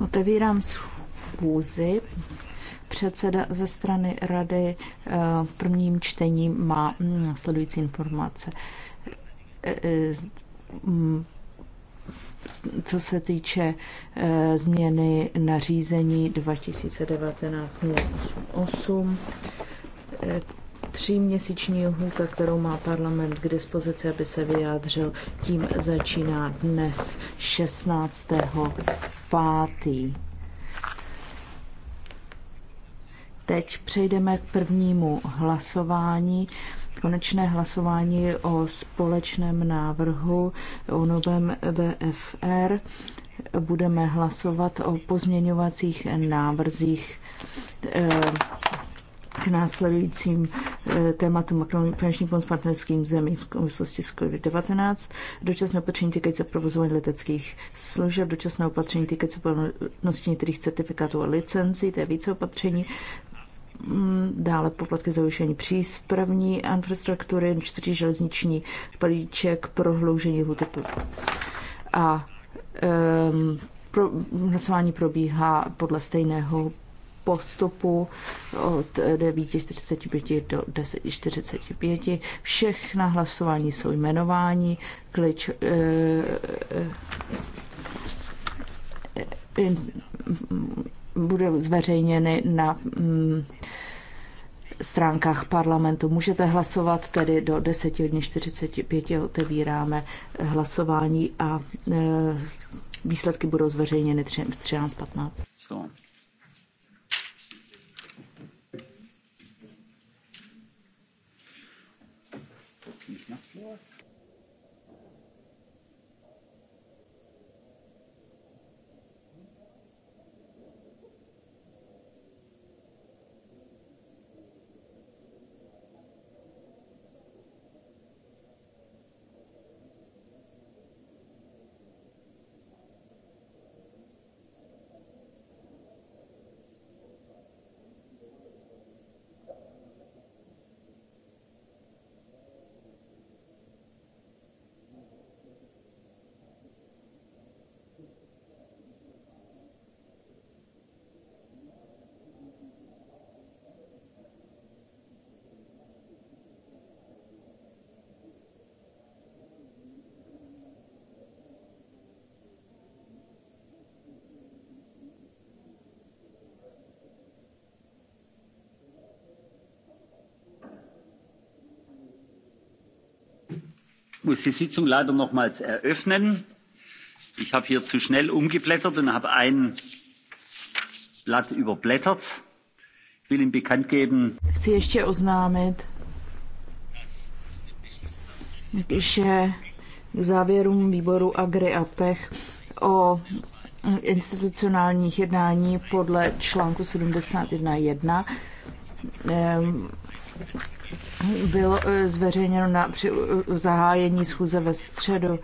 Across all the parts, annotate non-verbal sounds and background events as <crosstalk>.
Otevírám schůzi. Předseda ze strany rady eh, v prvním čtení má hm, následující informace. Eh, eh, hm, co se týče změny nařízení 2019 08 tříměsíční lhůta, kterou má parlament k dispozici, aby se vyjádřil, tím začíná dnes 16. 5. Teď přejdeme k prvnímu hlasování. Konečné hlasování o společném návrhu o novém BFR. Budeme hlasovat o pozměňovacích návrzích eh, k následujícím eh, tématům makrofinanční pomoc partnerským zemí v souvislosti s COVID-19, dočasné opatření týkající se provozování leteckých služeb, dočasné opatření týkající se plnosti některých certifikátů a licencí, to je více opatření, mm, dále poplatky za ušení přípravní infrastruktury, čtyři železniční palíček, prohloužení lhuty a um, pro, hlasování probíhá podle stejného postupu od 9.45 do 10.45. Všechna hlasování jsou jmenování, klič, e, eh, e, eh, bude zveřejněny na mm, stránkách parlamentu. Můžete hlasovat tedy do 10 hodin 45 otevíráme hlasování a e, výsledky budou zveřejněny v 13.15. So. muss die sitzung leider nochmals eröffnen. ich habe hier zu schnell umgeblättert und habe ein blatt überblättert. ich will ihnen bekannt geben Chci ještě že k závěrům výboru Agri a Pech o institucionálních jednání podle článku 71.1 bylo eh, zveřejněno na při eh, zahájení schůze ve středu.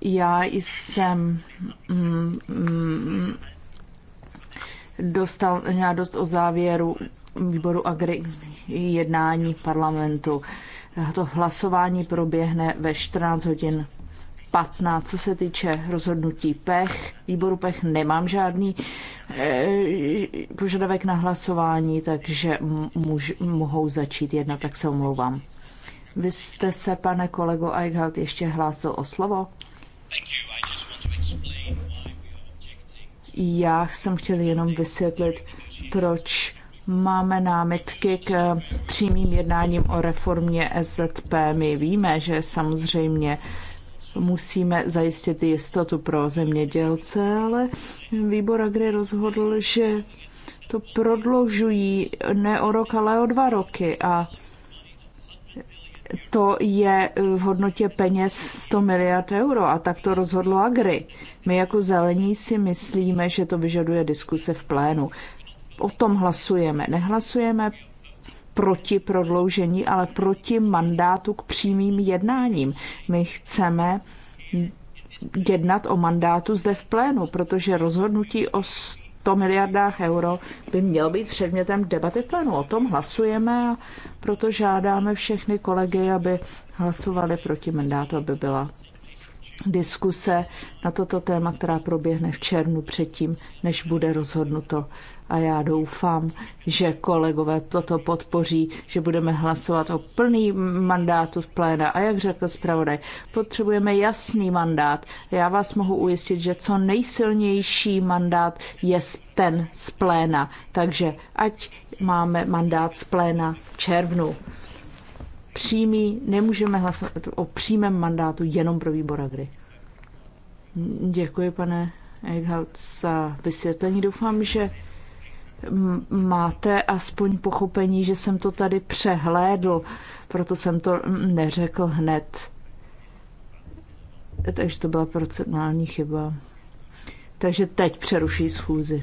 Já jsem mm, mm, dostal žádost o závěru výboru agri jednání parlamentu. To hlasování proběhne ve 14 hodin špatná, Co se týče rozhodnutí PECH, výboru PECH nemám žádný eh, požadavek na hlasování, takže muž, mohou začít jedna, tak se omlouvám. Vy jste se, pane kolego Eichhout, ještě hlásil o slovo? Já jsem chtěl jenom vysvětlit, proč máme námitky k eh, přímým jednáním o reformě SZP. My víme, že samozřejmě uh, musíme zajistit jistotu pro zemědělce, ale výbor Agri rozhodl, že to prodlužují ne o rok, ale o dva roky a to je v hodnotě peněz 100 miliard euro a tak to rozhodlo Agri. My jako zelení si myslíme, že to vyžaduje diskuse v plénu. O tom hlasujeme. Nehlasujeme proti prodloužení, ale proti mandátu k přímým jednáním. My chceme jednat o mandátu zde v plénu, protože rozhodnutí o 100 miliardách euro by mělo být předmětem debaty v plénu. O tom hlasujeme a proto žádáme všechny kolegy, aby hlasovali proti mandátu, aby byla diskuse na toto téma, která proběhne v červnu předtím, než bude rozhodnuto. A já doufám, že kolegové toto podpoří, že budeme hlasovat o plný mandátu pléna. A jak řekl zpravodaj, potřebujeme jasný mandát. Já vás mohu ujistit, že co nejsilnější mandát je ten z pléna. Takže ať máme mandát z pléna v červnu přímý, nemůžeme hlasovat o přímém mandátu jenom pro výbor Agri. Děkuji, pane Eichhout, za vysvětlení. Doufám, že máte aspoň pochopení, že jsem to tady přehlédl, proto jsem to neřekl hned. Takže to byla procedurální chyba. Takže teď přeruší schůzi.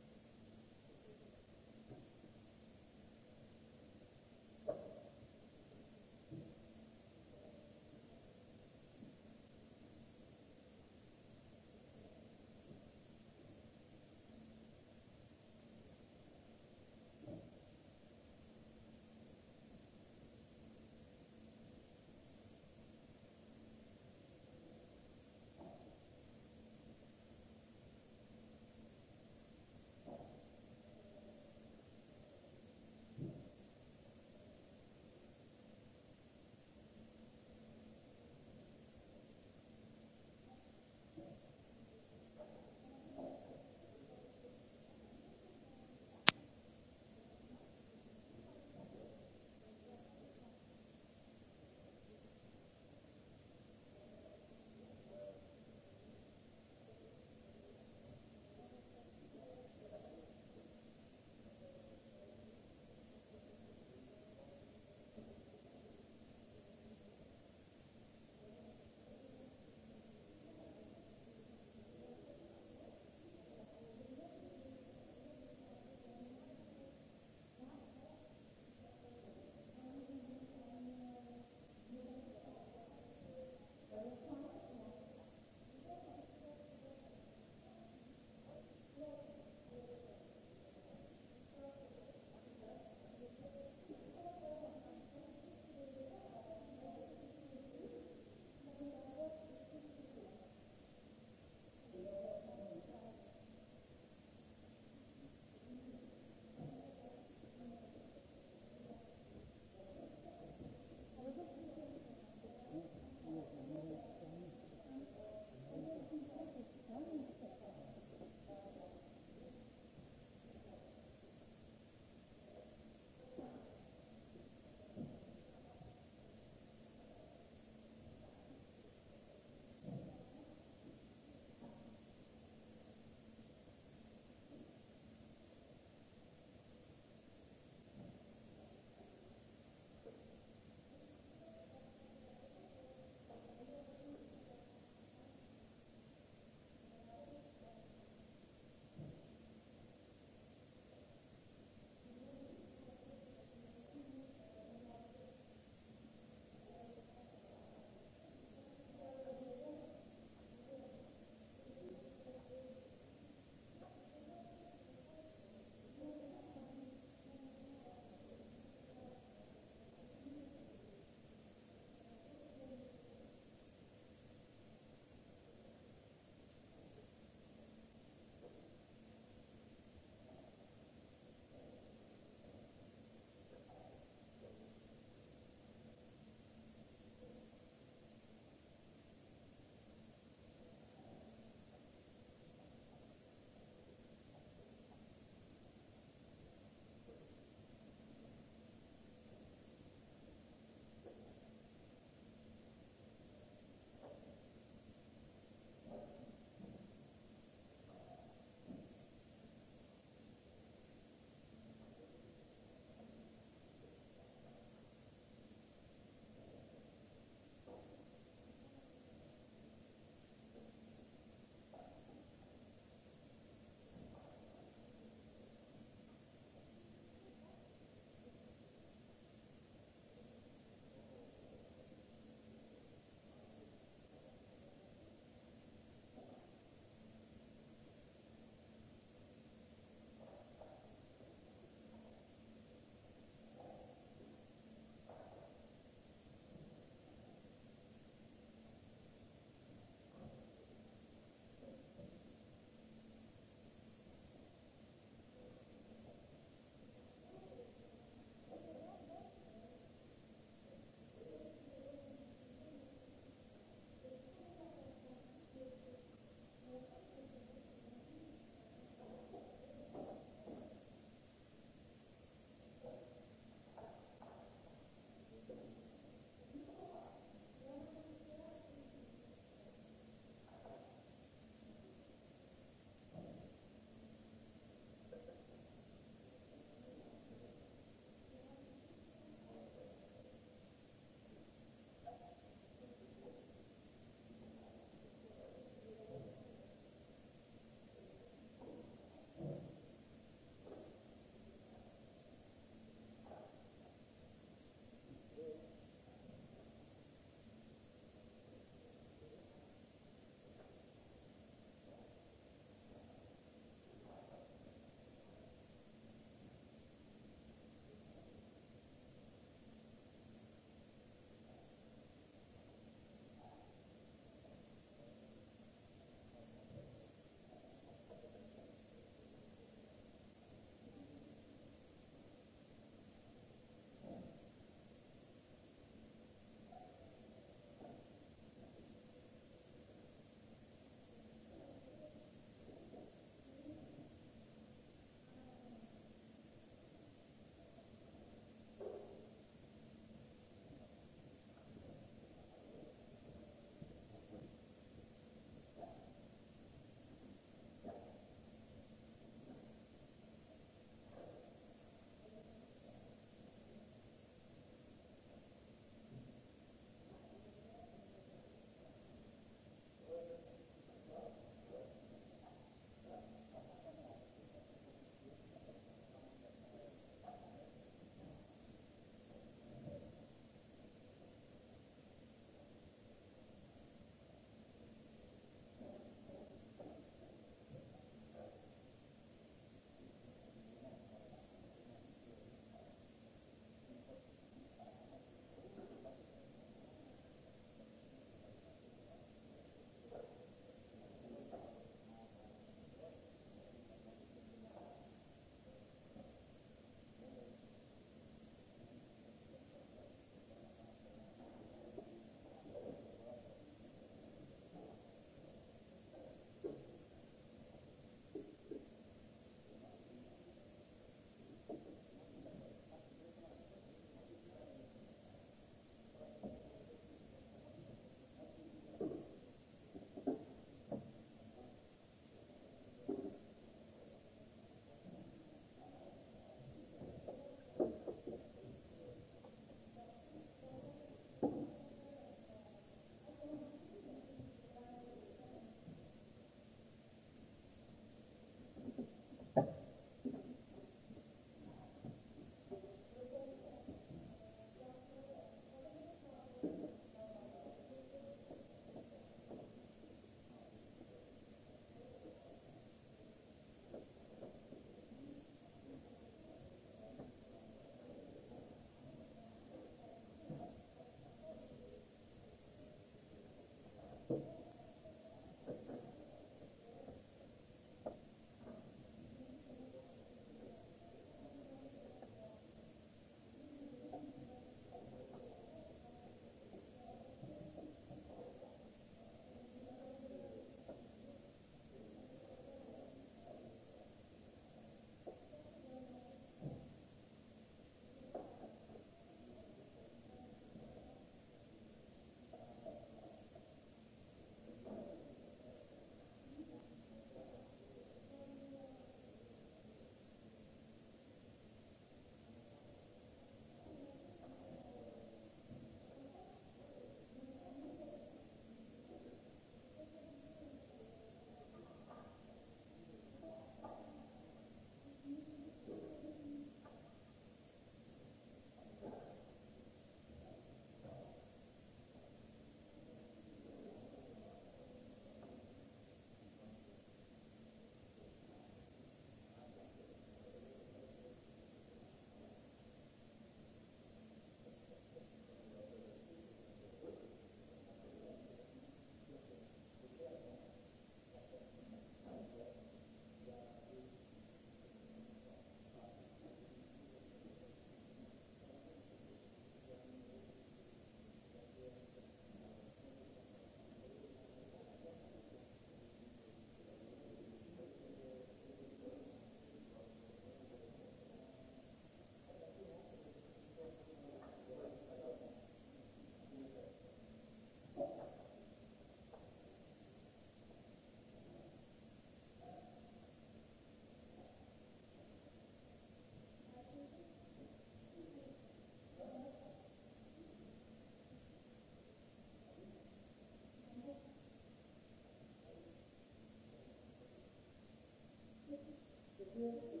Thank you.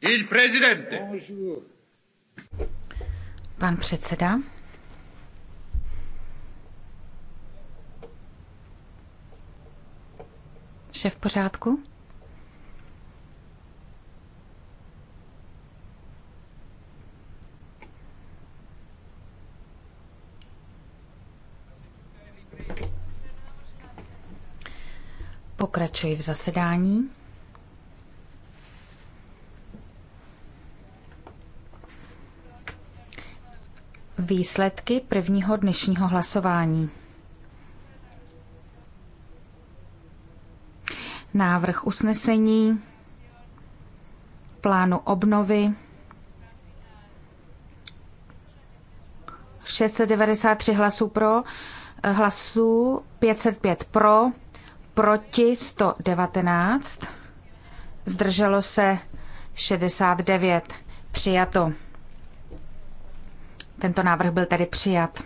Il presidente. Bonjour. Pan předseda. Vše v pořádku? Pokračuji v zasedání. výsledky prvního dnešního hlasování. Návrh usnesení, plánu obnovy, 693 hlasů pro, hlasů 505 pro, proti 119, zdrželo se 69, přijato. Tento návrh byl tedy přijat.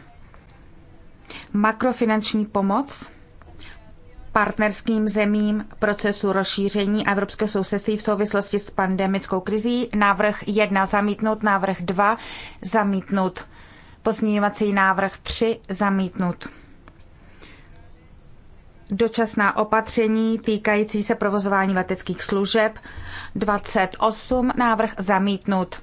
Makrofinanční pomoc partnerským zemím procesu rozšíření evropské sousedství v souvislosti s pandemickou krizí. Návrh 1 zamítnut, návrh 2 zamítnut, pozměňovací návrh 3 zamítnut. Dočasná opatření týkající se provozování leteckých služeb 28 návrh zamítnut.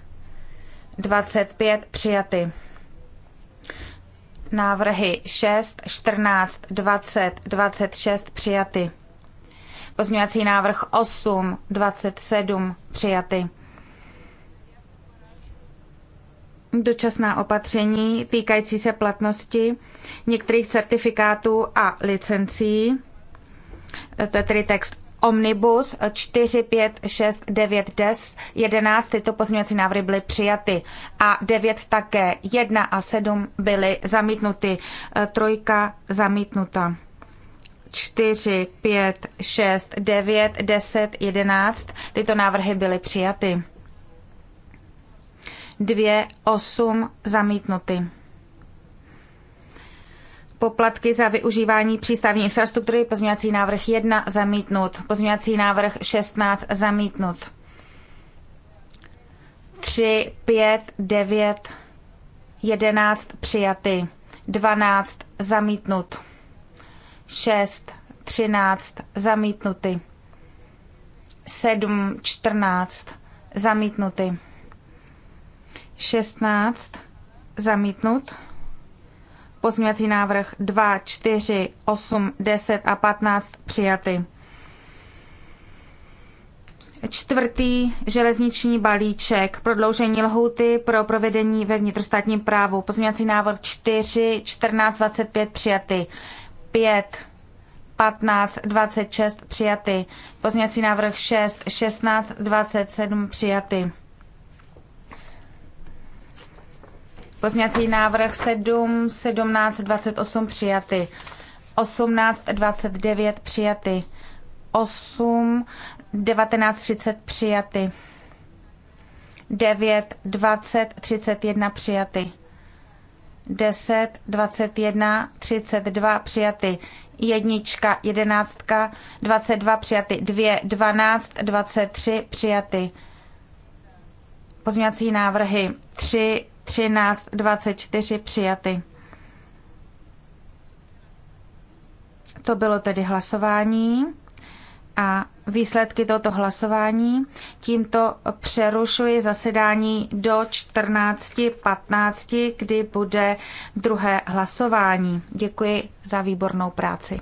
25 přijaty. Návrhy 6, 14, 20, 26 přijaty. Pozměňovací návrh 8, 27 přijaty. Dočasná opatření týkající se platnosti některých certifikátů a licencí. To je tedy text Omnibus 4, 5, 6, 9, 10, 11 tyto pozměňovací návrhy byly přijaty a 9 také. 1 a 7 byly zamítnuty, e, trojka zamítnuta. 4, 5, 6, 9, 10, 11 tyto návrhy byly přijaty. 2, 8 zamítnuty poplatky za využívání přístavní infrastruktury, pozměňovací návrh 1 zamítnut, pozměňovací návrh 16 zamítnut. 3, 5, 9, 11 přijaty, 12 zamítnut, 6, 13 zamítnuty, 7, 14 zamítnuty, 16 zamítnut, Pozměňovací návrh 2, 4, 8, 10 a 15 přijaty. Čtvrtý železniční balíček, prodloužení lhouty pro provedení ve vnitrostátním právu. Pozměňovací návrh 4, 14, 25 přijaty. 5, 15, 26 přijaty. Pozměňovací návrh 6, 16, 27 přijaty. Pozměňovací návrh 7, 17, 28 přijaty. 18, 29 přijaty. 8, 19, 30 přijaty. 9, 20, 31 přijaty. 10, 21, 32 přijaty. Jednička, jedenáctka, 22 přijaty. 2, 12, 23 přijaty. Pozměňovací návrhy 3, 13, 24 přijaty. To bylo tedy hlasování a výsledky tohoto hlasování. Tímto přerušuji zasedání do 14.15, kdy bude druhé hlasování. Děkuji za výbornou práci.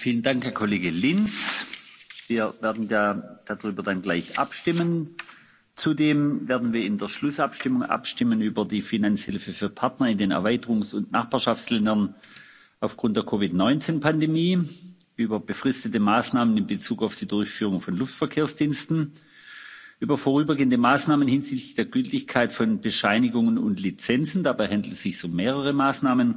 Vielen Dank, Herr Kollege Linz. Wir werden da, darüber dann gleich abstimmen. Zudem werden wir in der Schlussabstimmung abstimmen über die Finanzhilfe für Partner in den Erweiterungs- und Nachbarschaftsländern aufgrund der Covid-19-Pandemie, über befristete Maßnahmen in Bezug auf die Durchführung von Luftverkehrsdiensten, über vorübergehende Maßnahmen hinsichtlich der Gültigkeit von Bescheinigungen und Lizenzen. Dabei handelt es sich um mehrere Maßnahmen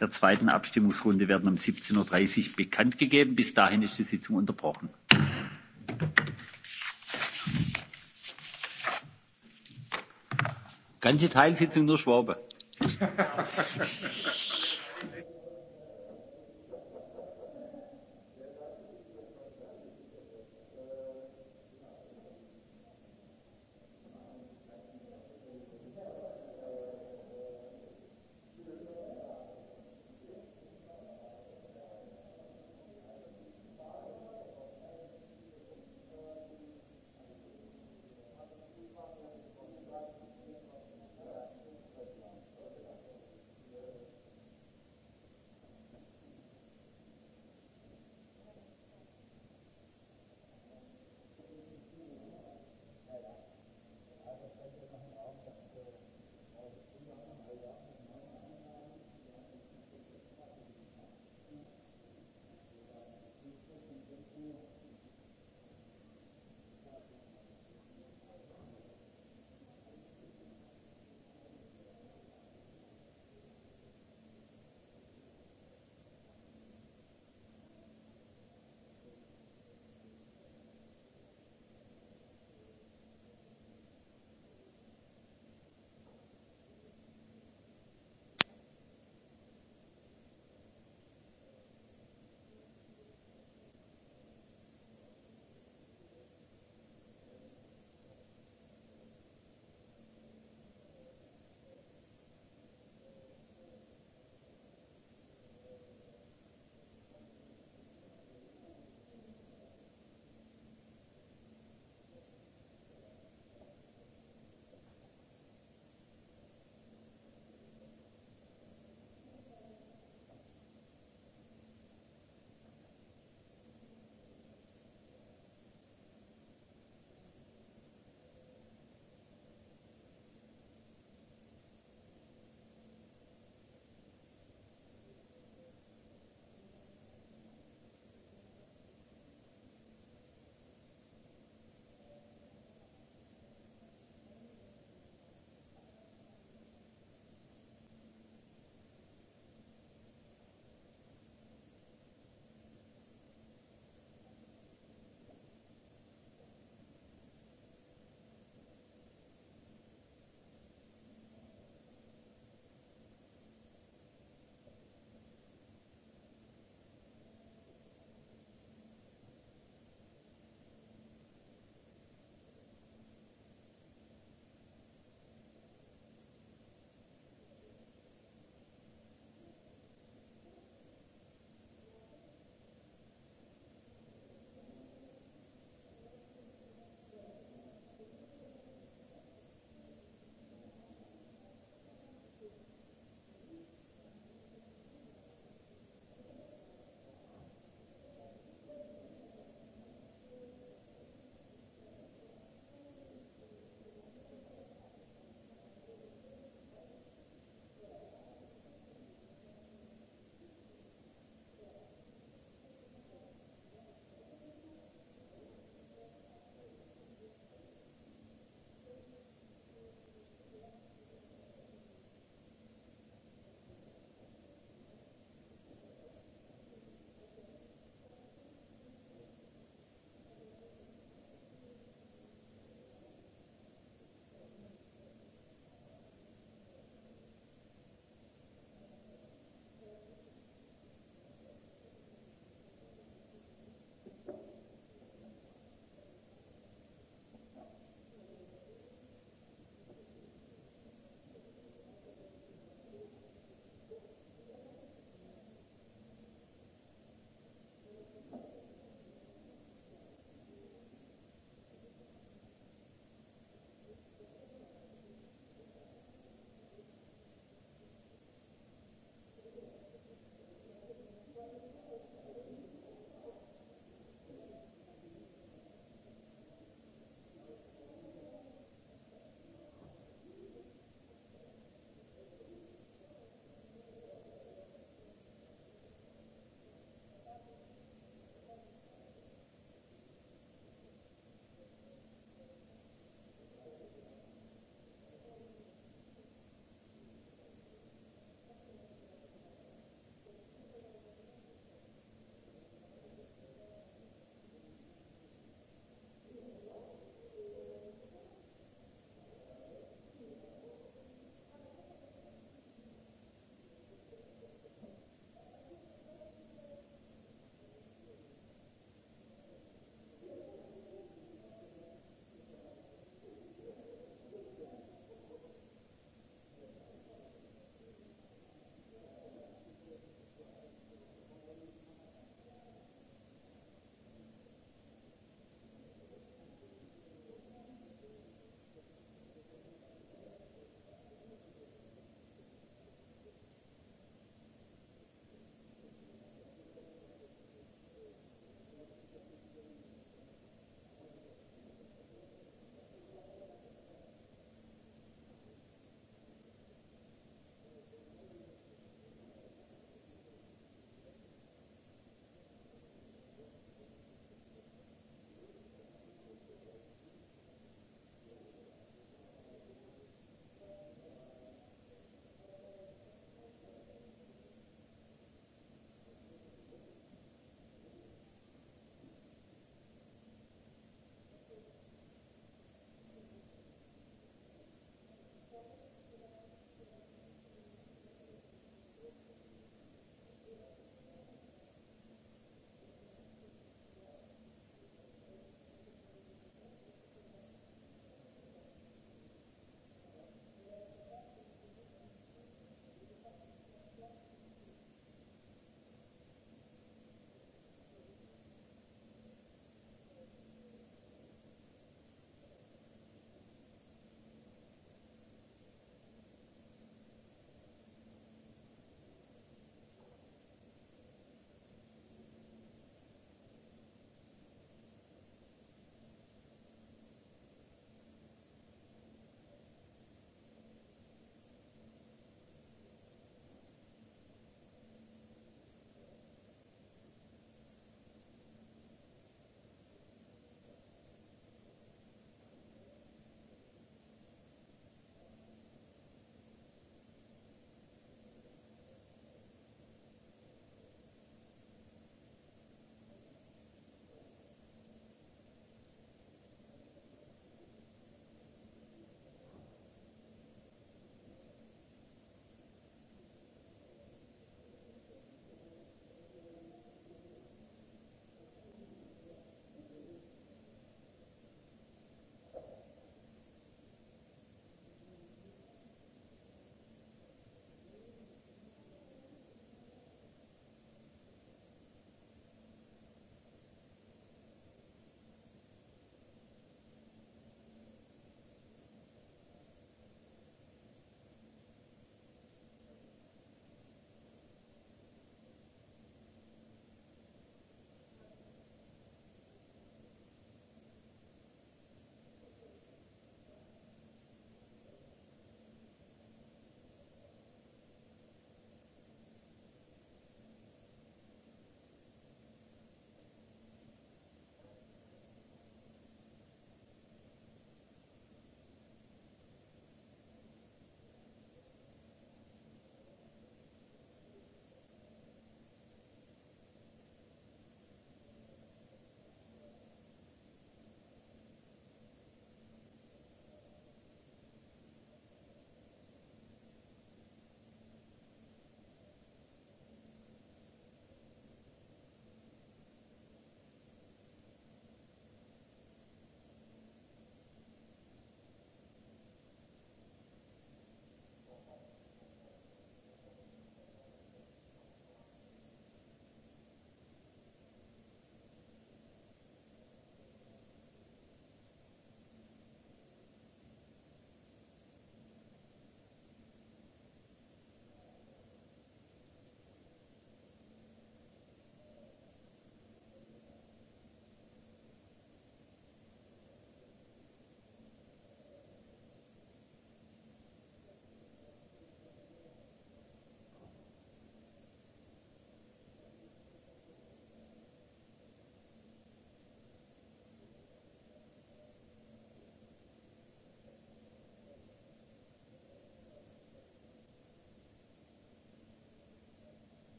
der zweiten abstimmungsrunde werden um. siebzehn dreißig uhr bekanntgegeben. bis dahin ist die sitzung unterbrochen. ganze teilsitzung nur schwabe. <laughs>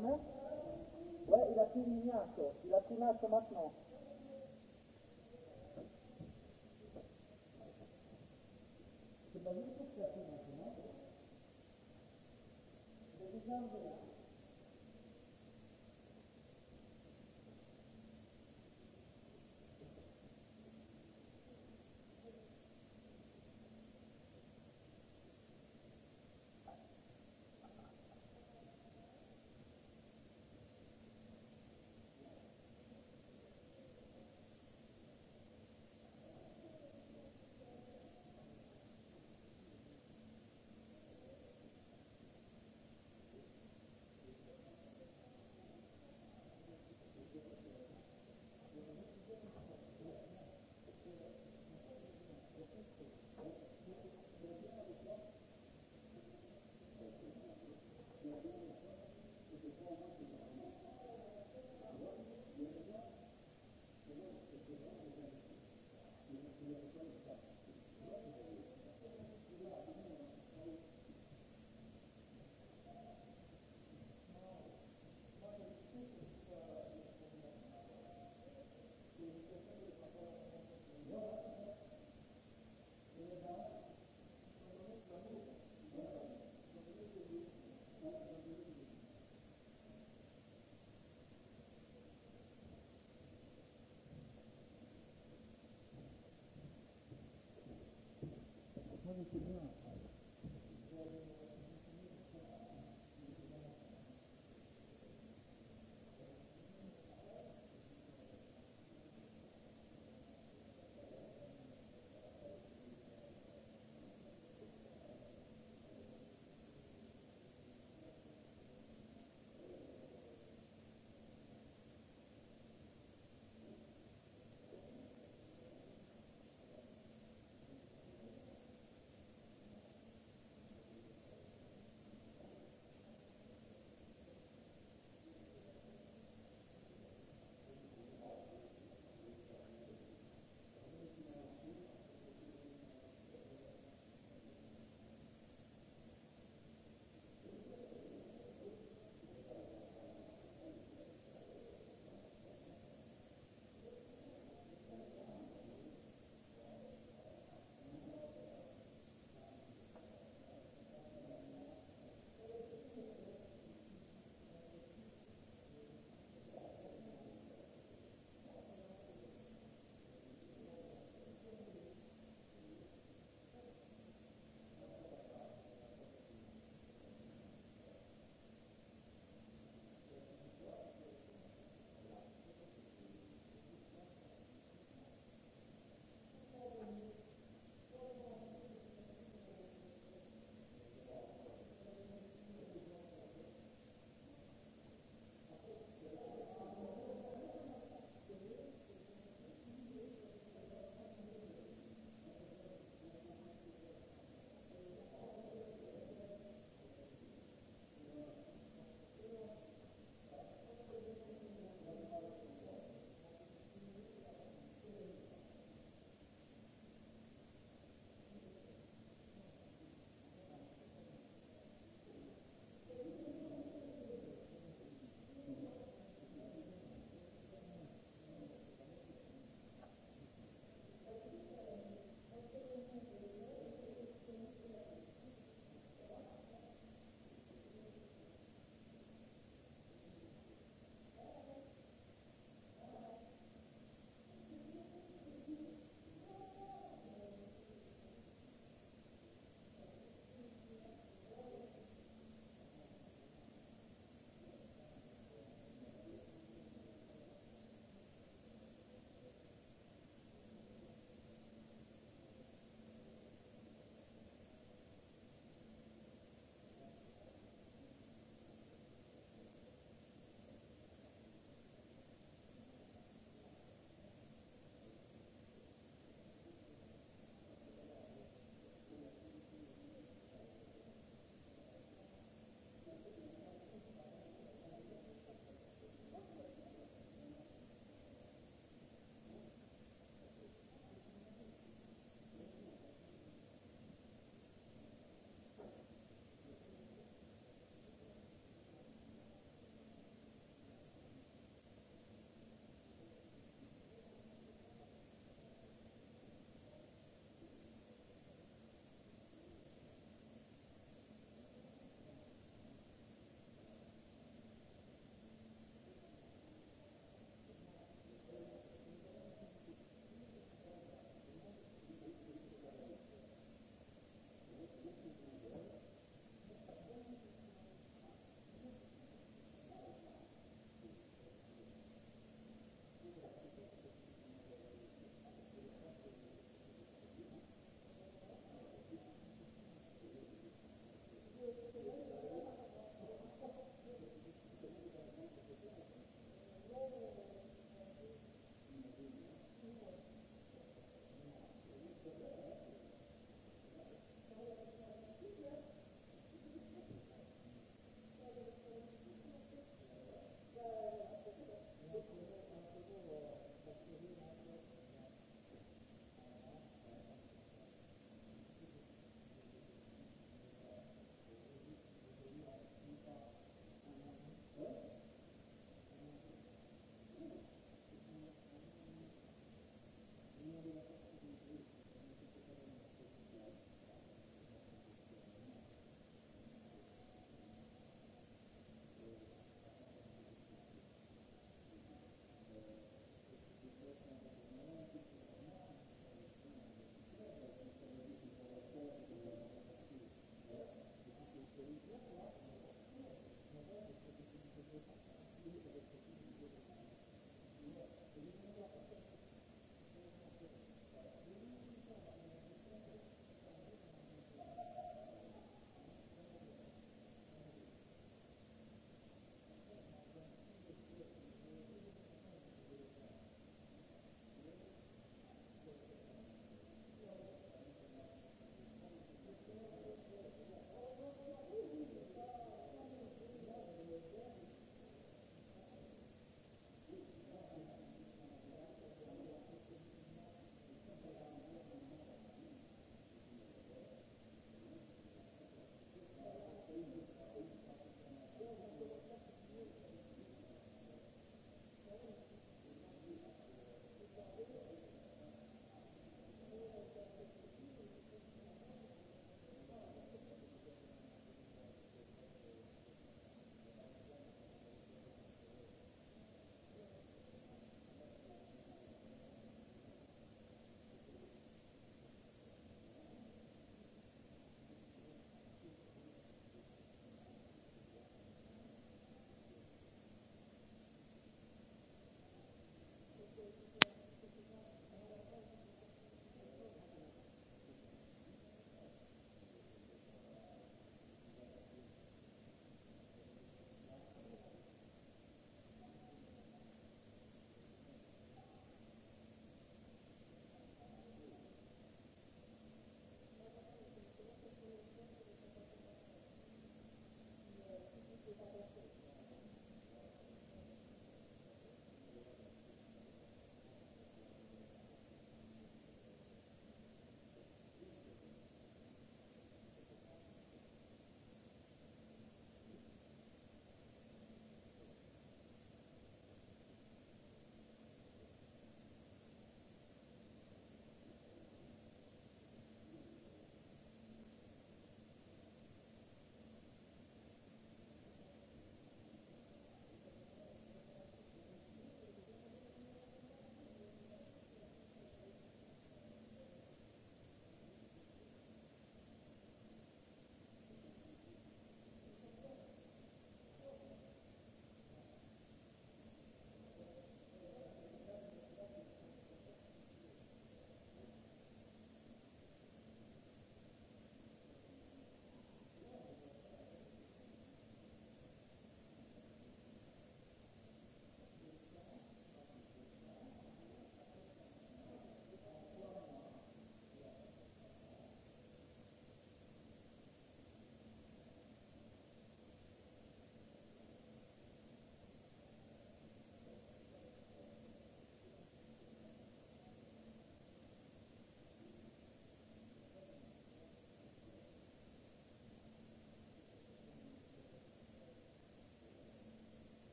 femme, ouais, il a pris l'ignato, il a pris l'altro maintenant. C'est pas lui qui a maintenant. C'est là. ่คิดว่า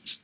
exists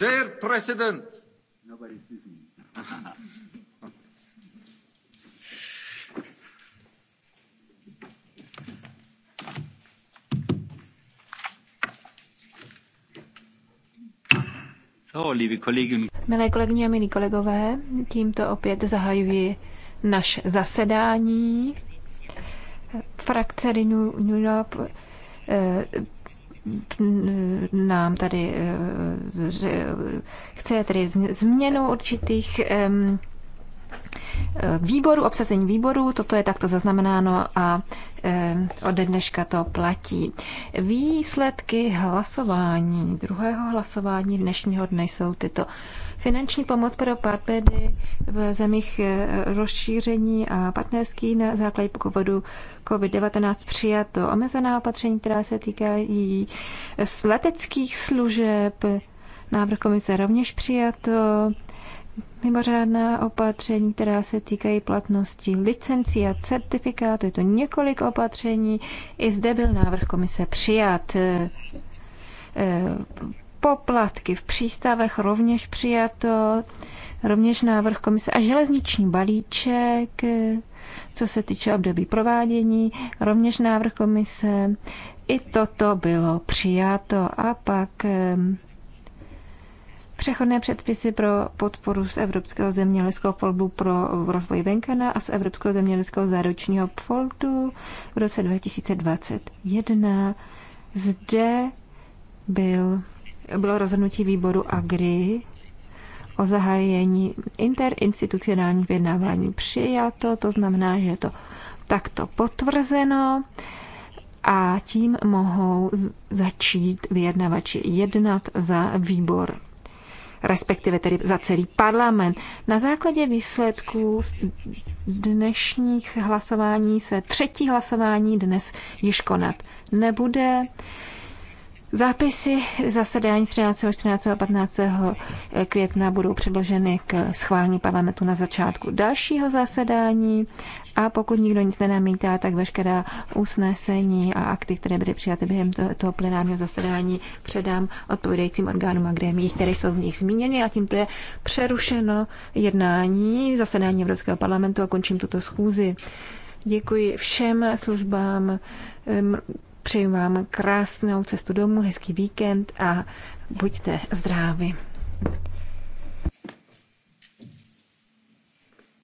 Dear President. Nobody sees me. <laughs> Milé kolegyně a milí kolegové, tímto opět zahajuji naš zasedání. Frakce Renew Europe eh, nám tady eh, eh, chce tedy změnu určitých um, výboru, obsazení výboru, toto je takto zaznamenáno a eh, ode dneška to platí. Výsledky hlasování, druhého hlasování dnešního dne jsou tyto. Finanční pomoc pro partnery v zemích eh, rozšíření a partnerský na základě pokovodu COVID-19 přijato omezená opatření, která se týkají leteckých služeb, Návrh komise rovněž přijato mimořádná opatření, která se týkají platnosti licencí a certifikátu. Je to několik opatření. I zde byl návrh komise přijat. E, e, poplatky v přístavech rovněž přijato, rovněž návrh komise a železniční balíček, e, co se týče období provádění, rovněž návrh komise. I toto bylo přijato a pak přechodné předpisy pro podporu z Evropského zemědělského fondu pro rozvoj venkana a z Evropského zemědělského záročního fondu v roce 2021. Zde byl, bylo rozhodnutí výboru Agri o zahájení interinstitucionálních vyjednávání přijato, to znamená, že je to takto potvrzeno a tím mohou začít vyjednavači jednat za výbor respektive tedy za celý parlament. Na základě výsledků dnešních hlasování se třetí hlasování dnes již konat nebude. Zápisy zasedání 13., 14. a 15. Eh, května budou předloženy k schválení parlamentu na začátku dalšího zasedání a pokud nikdo nic nenamítá, tak veškerá usnesení a akty, které byly přijaty během toho plenárního zasedání, předám odpovědajícím orgánům a gremiích, které jsou v nich zmíněny a tímto je přerušeno jednání zasedání Evropského parlamentu a končím tuto schůzi. Děkuji všem službám eh, Přeji vám krásnou cestu domů, hezký víkend a buďte zdraví.